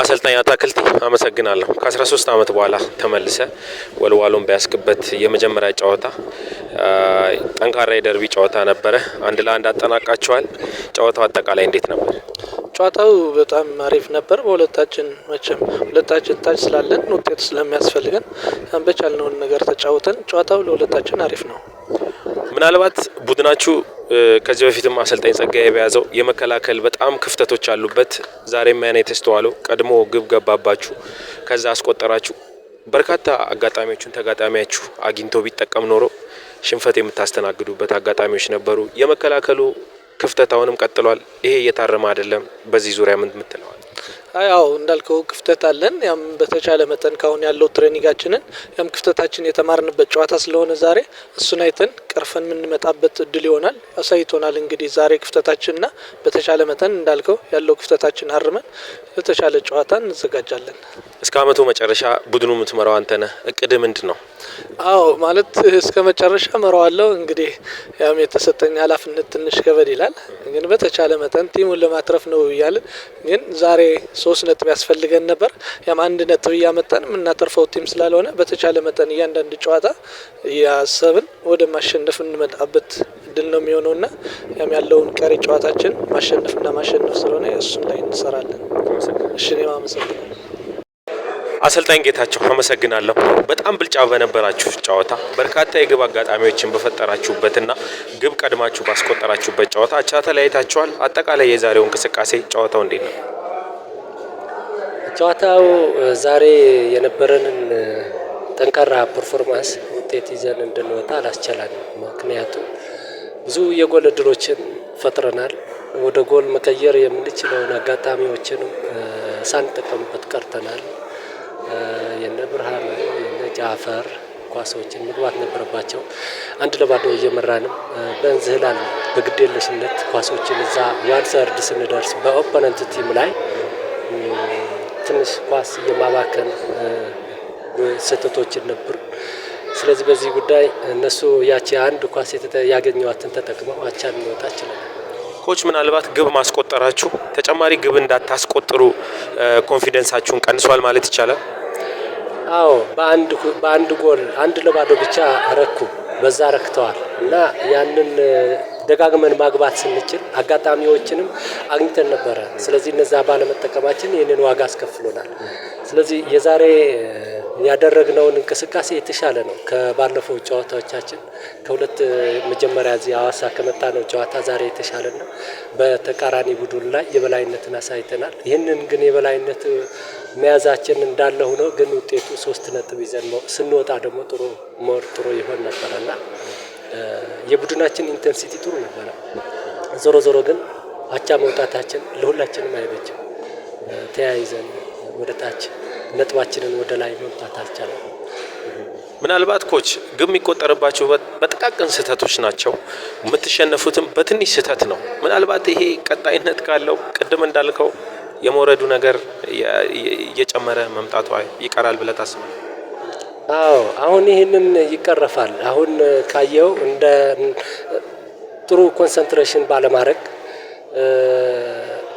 አሰልጣኝ አታክልት አመሰግናለሁ። ከ13 ዓመት በኋላ ተመልሰ ወልዋሎን በያስክበት የመጀመሪያ ጨዋታ ጠንካራ የደርቢ ጨዋታ ነበረ። አንድ ለአንድ አጠናቃቸዋል ጨዋታው አጠቃላይ እንዴት ነበር? ጨዋታው በጣም አሪፍ ነበር። በሁለታችን መቼም ሁለታችን ታች ስላለን ውጤት ስለሚያስፈልገን በቻልነውን ነገር ተጫውተን ጨዋታው ለሁለታችን አሪፍ ነው። ምናልባት ቡድናችሁ ከዚህ በፊትም አሰልጣኝ ጸጋዬ በያዘው የመከላከል በጣም ክፍተቶች አሉበት። ዛሬም ያን የተስተዋለው ቀድሞ ግብ ገባባችሁ፣ ከዛ አስቆጠራችሁ። በርካታ አጋጣሚዎችን ተጋጣሚያችሁ አግኝቶ ቢጠቀም ኖሮ ሽንፈት የምታስተናግዱበት አጋጣሚዎች ነበሩ። የመከላከሉ ክፍተት አሁንም ቀጥሏል። ይሄ እየታረመ አይደለም። በዚህ ዙሪያ ምን ምትለዋል? ያው እንዳልከው ክፍተት አለን። ያም በተቻለ መጠን ካሁን ያለው ትሬኒንጋችንን ያም ክፍተታችን የተማርንበት ጨዋታ ስለሆነ ዛሬ እሱን አይተን ቀርፈን የምንመጣበት እድል ይሆናል አሳይቶናል። እንግዲህ ዛሬ ክፍተታችንና በተሻለ መጠን እንዳልከው ያለው ክፍተታችን አርመን በተሻለ ጨዋታ እንዘጋጃለን። እስከ አመቱ መጨረሻ ቡድኑ የምትመራው አንተነህ እቅድ ምንድን ነው? አዎ ማለት እስከ መጨረሻ መራዋለው። እንግዲህ ያም የተሰጠኝ ኃላፊነት ትንሽ ከበድ ይላል፣ ግን በተቻለ መጠን ቲሙን ለማትረፍ ነው እያልን ግን ዛሬ ሶስት ነጥብ ያስፈልገን ነበር። ያም አንድ ነጥብ እያመጣን የምናተርፈው ቲም ስላልሆነ በተቻለ መጠን እያንዳንድ ጨዋታ እያሰብን ወደ ማሸነ እያሸነፍን እንመጣበት እድል ነው የሚሆነው እና ያም ያለውን ቀሪ ጨዋታችን ማሸነፍና ማሸነፍ ስለሆነ እሱም ላይ እንሰራለን። እሺ እኔም አመሰግናለሁ። አሰልጣኝ ጌታቸው አመሰግናለሁ። በጣም ብልጫ በነበራችሁ ጨዋታ በርካታ የግብ አጋጣሚዎችን በፈጠራችሁበትና ግብ ቀድማችሁ ባስቆጠራችሁበት ጨዋታ አቻ ተለያይታችኋል። አጠቃላይ የዛሬው እንቅስቃሴ ጨዋታው እንዴት ነው? ጨዋታው ዛሬ የነበረንን ጠንካራ ፐርፎርማንስ ውጤት ይዘን እንድንወጣ አላስቻላንም። ምክንያቱም ብዙ የጎል እድሎችን ፈጥረናል። ወደ ጎል መቀየር የምንችለውን አጋጣሚዎችንም ሳንጠቀምበት ቀርተናል። የነ ብርሃኑ የነ ጃፈር ኳሶችን መግባት ነበረባቸው። አንድ ለባዶ እየመራንም በእንዝህላል በግዴለሽነት ኳሶችን እዛ ዋንሰርድ ስንደርስ በኦፖነንት ቲም ላይ ትንሽ ኳስ እየማባከን ስህተቶችን ነበር ስለዚህ በዚህ ጉዳይ እነሱ ያቺ አንድ ኳስ ያገኘዋትን ተጠቅመው አቻ ልንወጣ ይችላል። ኮች ምናልባት ግብ ማስቆጠራችሁ ተጨማሪ ግብ እንዳታስቆጥሩ ኮንፊደንሳችሁን ቀንሷል ማለት ይቻላል? አዎ በአንድ ጎል አንድ ለባዶ ብቻ ረኩ በዛ ረክተዋል እና ያንን ደጋግመን ማግባት ስንችል አጋጣሚዎችንም አግኝተን ነበረ። ስለዚህ እነዛ ባለመጠቀማችን ይህንን ዋጋ አስከፍሎናል። ስለዚህ የዛሬ ያደረግነውን እንቅስቃሴ የተሻለ ነው ከባለፈው ጨዋታዎቻችን ከሁለት መጀመሪያ እዚህ አዋሳ ከመጣ ነው ጨዋታ ዛሬ የተሻለ ነው። በተቃራኒ ቡድን ላይ የበላይነትን አሳይተናል። ይህንን ግን የበላይነት መያዛችን እንዳለ ሆኖ ግን ውጤቱ ሶስት ነጥብ ይዘን ስንወጣ ደግሞ ጥሩ ሞር ጥሩ ይሆን ነበረና የቡድናችን ኢንቴንሲቲ ጥሩ ነበረ። ዞሮ ዞሮ ግን አቻ መውጣታችን ለሁላችንም አይበጅም። ተያይዘን ወደ ነጥባችንን ወደ ላይ መምጣት አልቻለም። ምናልባት ኮች ግን የሚቆጠርባቸው በጥቃቅን ስህተቶች ናቸው። የምትሸነፉትም በትንሽ ስህተት ነው። ምናልባት ይሄ ቀጣይነት ካለው ቅድም እንዳልከው የመውረዱ ነገር እየጨመረ መምጣቷ ይቀራል ብለህ ታስባለህ? አዎ፣ አሁን ይህንን ይቀረፋል። አሁን ካየው እንደ ጥሩ ኮንሰንትሬሽን ባለማድረግ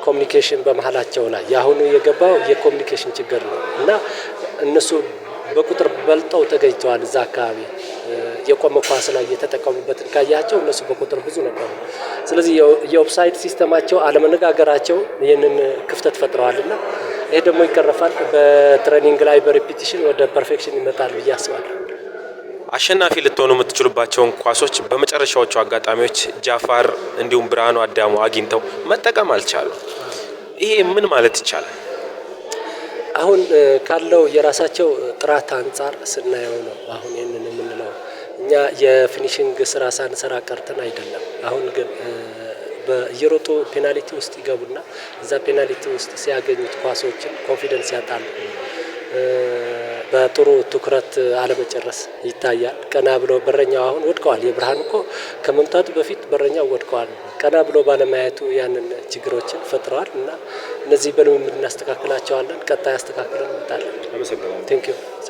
ኮሚኒኬሽን በመሀላቸው ላይ የአሁኑ የገባው የኮሚኒኬሽን ችግር ነው እና እነሱ በቁጥር በልጠው ተገኝተዋል። እዛ አካባቢ የቆመ ኳስ ላይ የተጠቀሙበትን ካያቸው እነሱ በቁጥር ብዙ ነበሩ። ስለዚህ የኦፍሳይድ ሲስተማቸው አለመነጋገራቸው ይህንን ክፍተት ፈጥረዋል እና ይሄ ደግሞ ይቀረፋል። በትሬኒንግ ላይ በሪፒቲሽን ወደ ፐርፌክሽን ይመጣል ብዬ አስባለሁ። አሸናፊ ልትሆኑ የምትችሉባቸውን ኳሶች በመጨረሻዎቹ አጋጣሚዎች ጃፋር እንዲሁም ብርሃኑ አዳሙ አግኝተው መጠቀም አልቻሉ። ይሄ ምን ማለት ይቻላል? አሁን ካለው የራሳቸው ጥራት አንጻር ስናየው ነው አሁን ይህንን የምንለው። እኛ የፊኒሽንግ ስራ ሳንሰራ ቀርተን አይደለም። አሁን ግን በየሮጡ ፔናልቲ ውስጥ ይገቡና እዛ ፔናልቲ ውስጥ ሲያገኙት ኳሶችን ኮንፊደንስ ያጣሉ። በጥሩ ትኩረት አለመጨረስ ይታያል። ቀና ብሎ በረኛው አሁን ወድቀዋል። የብርሃን እኮ ከመምታቱ በፊት በረኛው ወድቀዋል። ቀና ብሎ ባለማየቱ ያንን ችግሮችን ፈጥረዋል እና እነዚህ በልምምድ እናስተካክላቸዋለን። ቀጣይ አስተካክለን እንመጣለን። አመሰግናለሁ። ዩ